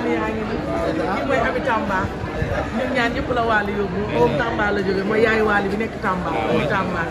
wàllu yaa ngi nii kii mooy ami Tamba ñun ñaan ñëpp la wàllu yóbbu moom Tamba la jógee mooy yaayu wàllu bi nekk Tamba ami Tamba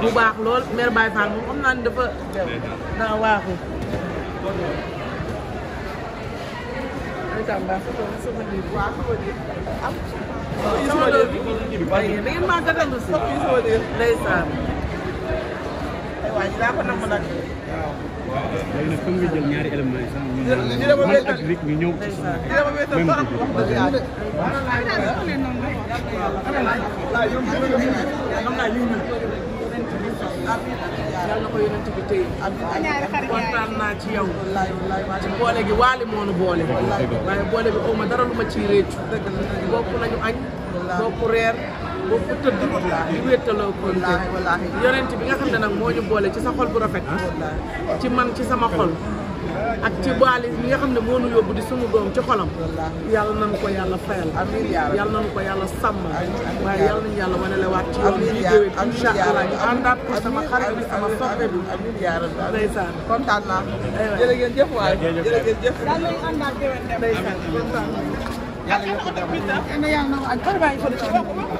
bu baax lool mère Baye Fall moom xam naa ne dafa teew daa waaxu ami Tamba sama doom bi da ngeen maa gàttandu si ndeysaan waaw ñu daa ko namm nag léegi nag comme nga jël ñaari éléments yi sax ñu ñëw ak Rick ñu ñëw ci sax même bi yàlla na ko yonent bi tey kontaan naa ci yow ci boole gi waali moo nu boole waaye boole bi xaw ma dara lu ma ciy réccu bokk nañu añ bokk reer boo ko tëdd di wéttaloo konte yonent bi nga xam ne nag moo ñu boole ci sa xol bu rafet ci man ci sama xol ak ci baali bi nga xam ne moo nu yóbbu di sunu doom ci xolam yàlla nañu ko yàlla fayal yàlla nañu ko yàlla a waaye yàlla nañu yàlla wane lewaat ci yoon bi déwén incha allah ñu àndaat ko sama xarit bi sama soppe bi ndeysaan kontaan naa jërë ngeen jëf waay jërë ngeen jëf daal lañu àndaat déwén dem ndeysaan kontaan yàlla yokk dem yàlla na ko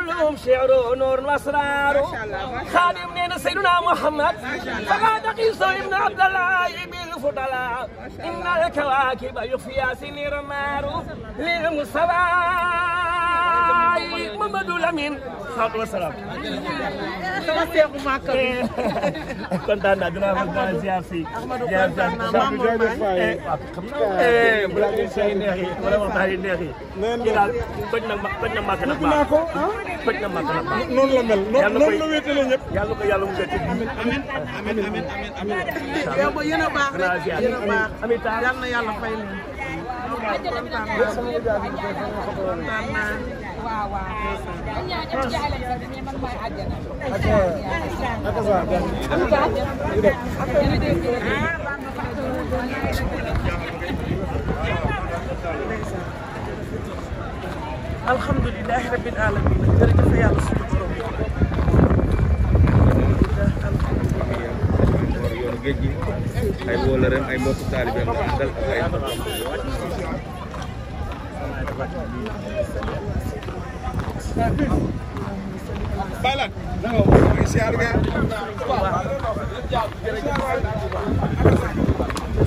كلهم شعر نور واسرار خادم نين سيدنا محمد فقاد قيس ابن عبد الله بن فضلاء إن الكواكب يخفي سنير مارو للمصطفى محمد لمين صلى الله وسلم sama seexu màkk bi kontaan naa dinaa wax dinaa ziar si ziar si xam na sey neex yi wala waxtaan yi neex yi kii daal toj na toj na màkk na baax toj na màkk na baax noonu la mel noonu la wéetale ñëpp yàlla ko yàlla mu wéete amiin amiin amiin amiin amiin laa ziar. amiin yal na yàlla fay leen. kontaan naa. alhamdulilah rabbil alamin jërëjëf yàlla suñu borom géej gi ay wóolëram ay mbokk taalibeem la àndal ak ay ndoxam balat ay siyaar nga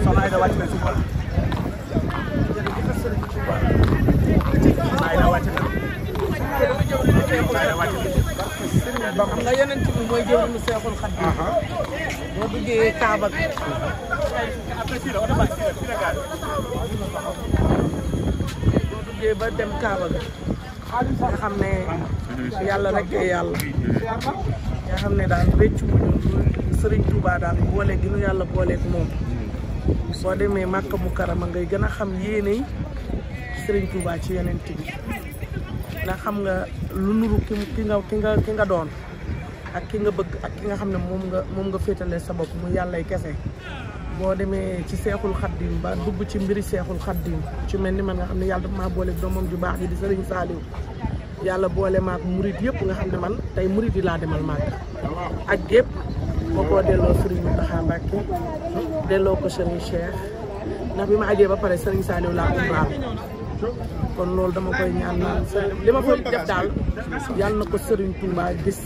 salaay da wàcc na Seexul Xadiim xam nga yonent bi mooy jëwriñu Seexul Xadiim uh-huh. duggee bi boo duggee ba dem Kaaba bi nga xam ne yàlla rek yàlla nga xam ne daal réccu muñu Sëriñ Tuubaa daal boole gi nu yàlla booleeg moom soo demee Màkka Mukarrama ngay gën a xam yéene Sëriñ Tuubaa ci yonent bi ndax xam nga lu nuru ki nga ki nga ki nga doon ak ki nga bëgg ak ki nga xam ne moom nga moom nga féetale sa bopp mu yàllay kese boo demee ci seexul xaddim ba dugg ci mbiri seexul xaddim ci mel ni man nga xam ne yàlla dafa maa boole doomam ju baax ji di sëriñ Saaliw yàlla boole maak murit yëpp nga xam ne man tey murit yi laa demal maak ak gépp boo ko delloo sëriñ Mountakha Mbacké delloo ko sëriñ Cheikh ndax bi ma ajee ba pare sëriñ Saaliw laa ko kon loolu dama koy ñaanal li ma koy def daal yàlla na ko Serigne Touba gis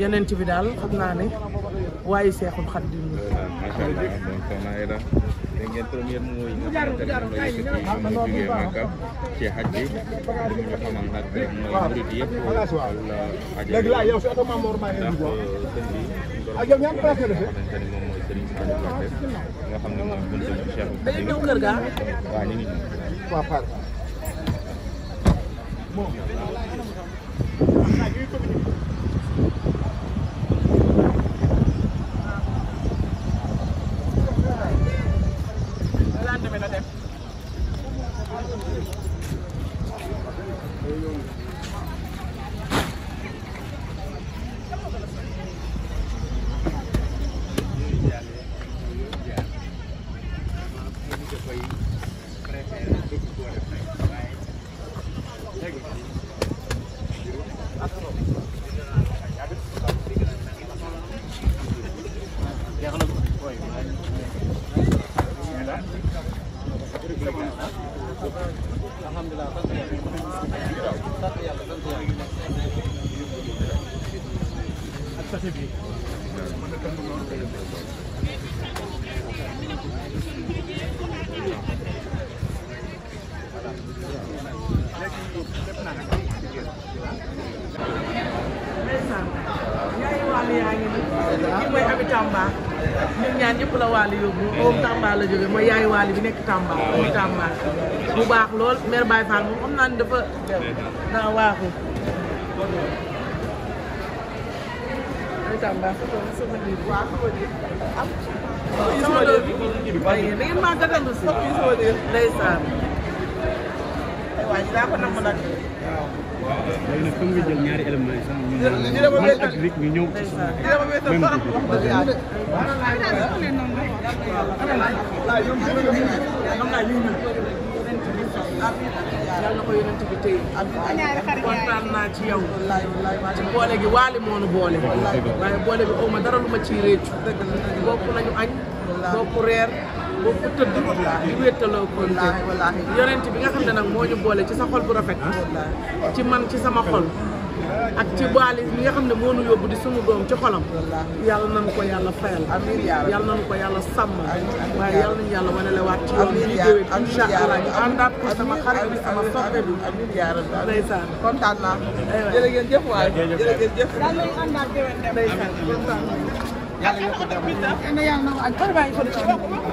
yeneen ci bi daal xam naa ne waaye seexul xaddim yi. macha allah donc soxna Aida da ngeen première mot yi nga xamante ne moom la yëkkati moom mu jugee Màkka ci xaj bi li nga xamal nag mooy murit yëpp wala ajay ndax sëñ bi. ak yow ñaar place nga defee. nga xam ne moom buntu Cheikh. dañuy ñëw kër ga. waaw ñu ngi. waaw Paar. Bom. Tamba ñun ñaan ñëpp la Wally yóbbu moom eh. Tamba la jóge mooy yaay Wally bi nekk Tamba oh. muy Tamba bu baax lool mère Baye Fall moom xam naa ni dafa dem eh. daa waaxu mooy Tamba sama nit waa sama nit am sama doom bi eh, da ngeen maa gàttandu si ndeysaan daa ko namm nag. waaw léegi nag comme nga jël ñaari éléments yi sax ñu ñëw man ak Rick ñu ñëw ci sama même yàlla ko yonent bi tey kontaan naa ci yow ci boole gi waali moonu boole waaye boole bi aw ma dara lu ma ciy réccu bokk nañu añ bokk reer boo ko tëdd di wéttaloo konte yonent bi nga xam ne nag moo ñu boole ci sa xol bu rafet ci man ci sama xol ak ci baali bi nga xam ne moo nu yóbbu di sunu doom ci xolam yàlla nan ko yàlla fayal yàlla nan ko yàlla sàmm waaye yàlla nañu yàlla wanele waat ci yoon bi déwén incha allah ñu àndaat ko sama xarit bi sama soppe bi ndeysaan kontaan naa jërëngeen jëf waay jërëngeen jëf daal nañu àndaat déwén dem ndeysaan kontaan yàlla yokk dem yàlla yàlla na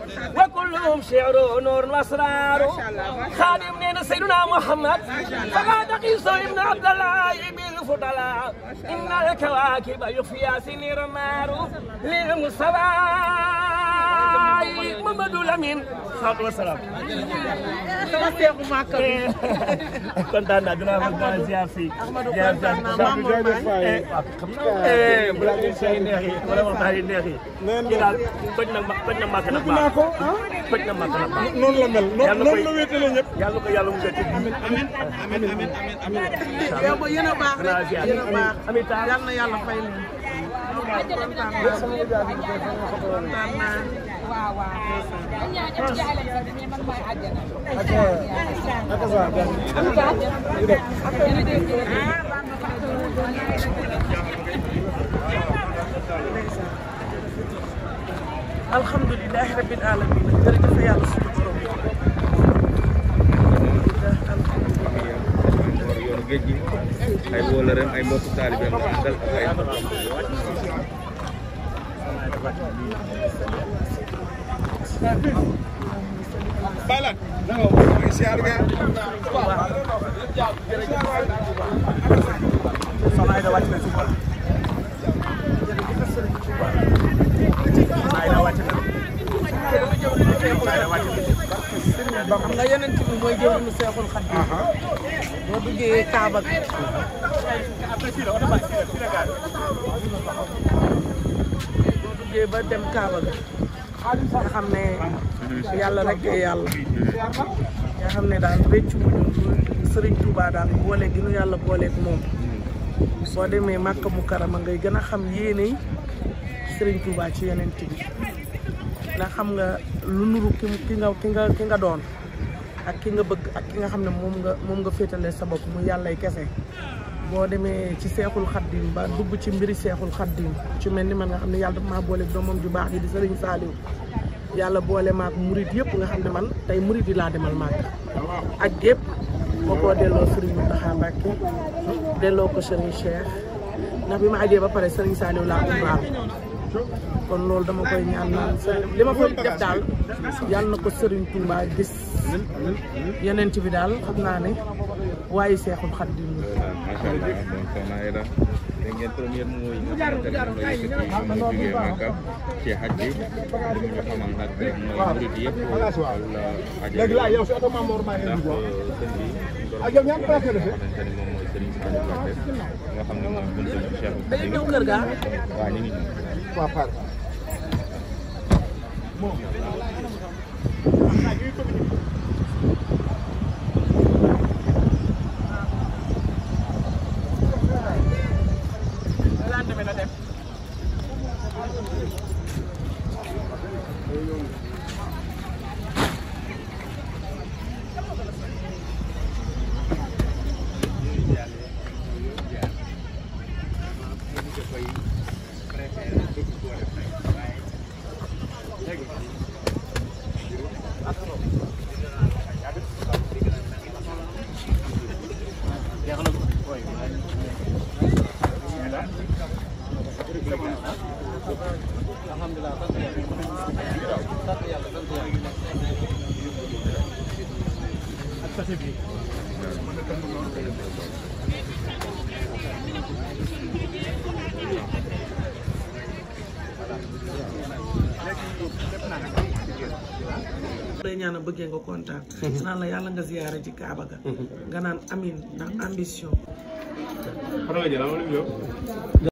wa kulluhum shi'ru nuurun wa asraaru xaadim nee na Seydina Muhammad الفضلاء إن الكواكب يخفي سنير مارو لمصطفى محمد لمين صلى وسلام kontaan naa dinaa wax dinaa ziar si ziar si eh, ah, xam naa bala ñu say neex yi wala waxtaan yi neex yi kii daal toj na toj na màkk na baax ah? toj na màkk na baax noonu la mel noonu la wéetale ñëpp yàlla ko yàlla mu wéetal amiin amiin amiin amiin amiin ziar amit taal yal na yàlla fay leen kontaan naa waaw waaw alhamdulilah rabbil alamin jërëjëf yàlla géej gi ay wóolëram ay mbokku taalibeem la àndal ak ay mbokkam balat may siyaar nga soxna da wàcc na suba xam nga yeneen ci bi mooy jëwriñu Seexul Xadiim boo duggee Kaaba bi. boo duggee ba dem Kaaba bi nga xam ne yàlla rek yàlla. nga xam ne daal rëccu wuñu Sëriñ daal boole gi nu yàlla booleeg moom. boo demee màkk mu karama ngay gën a xam yéeney Sëriñ Touba ci yeneen bi ndax xam nga lu nuru ki ki nga ki nga ki nga doon. ak ki nga bëgg ak ki nga xam ne moom nga moom nga féetale sa bopp mu yàllay kese boo demee ci seexul xaddim ba dugg ci mbiri seexul xaddim ci mel ni man nga xam ne yàlla dafa maa boole doomam ju baax yi di sëriñ Saaliw yàlla boole maak murit yëpp nga xam ne man tey murit yi laa demal maak ak yëpp boo ko delloo sëriñ ko sëriñ Cheikh ndax ma ajee ba pare sëriñ Saaliw laa umraal kon loolu dama koy ñaan li ma koy def daal yàlla na ko sëriñ Touba gis yeneen ci bi daal xam naa ne waaye seexul xaddim macha allah donc soxna Aida dégg ngeen première mooy yi nga xamante ne mooy yëkkati mu jógee Màkka ci xaj bi li mu ñu xamal nag mooy murid yëpp wala ajal ndax ak yow ñaata paase la fee. sachet bi day ñaan a bëggee nga kontaan mhm. naan la yàlla nga ziyaare ci Kaaba ga mhm. nga naan amin ndax ambition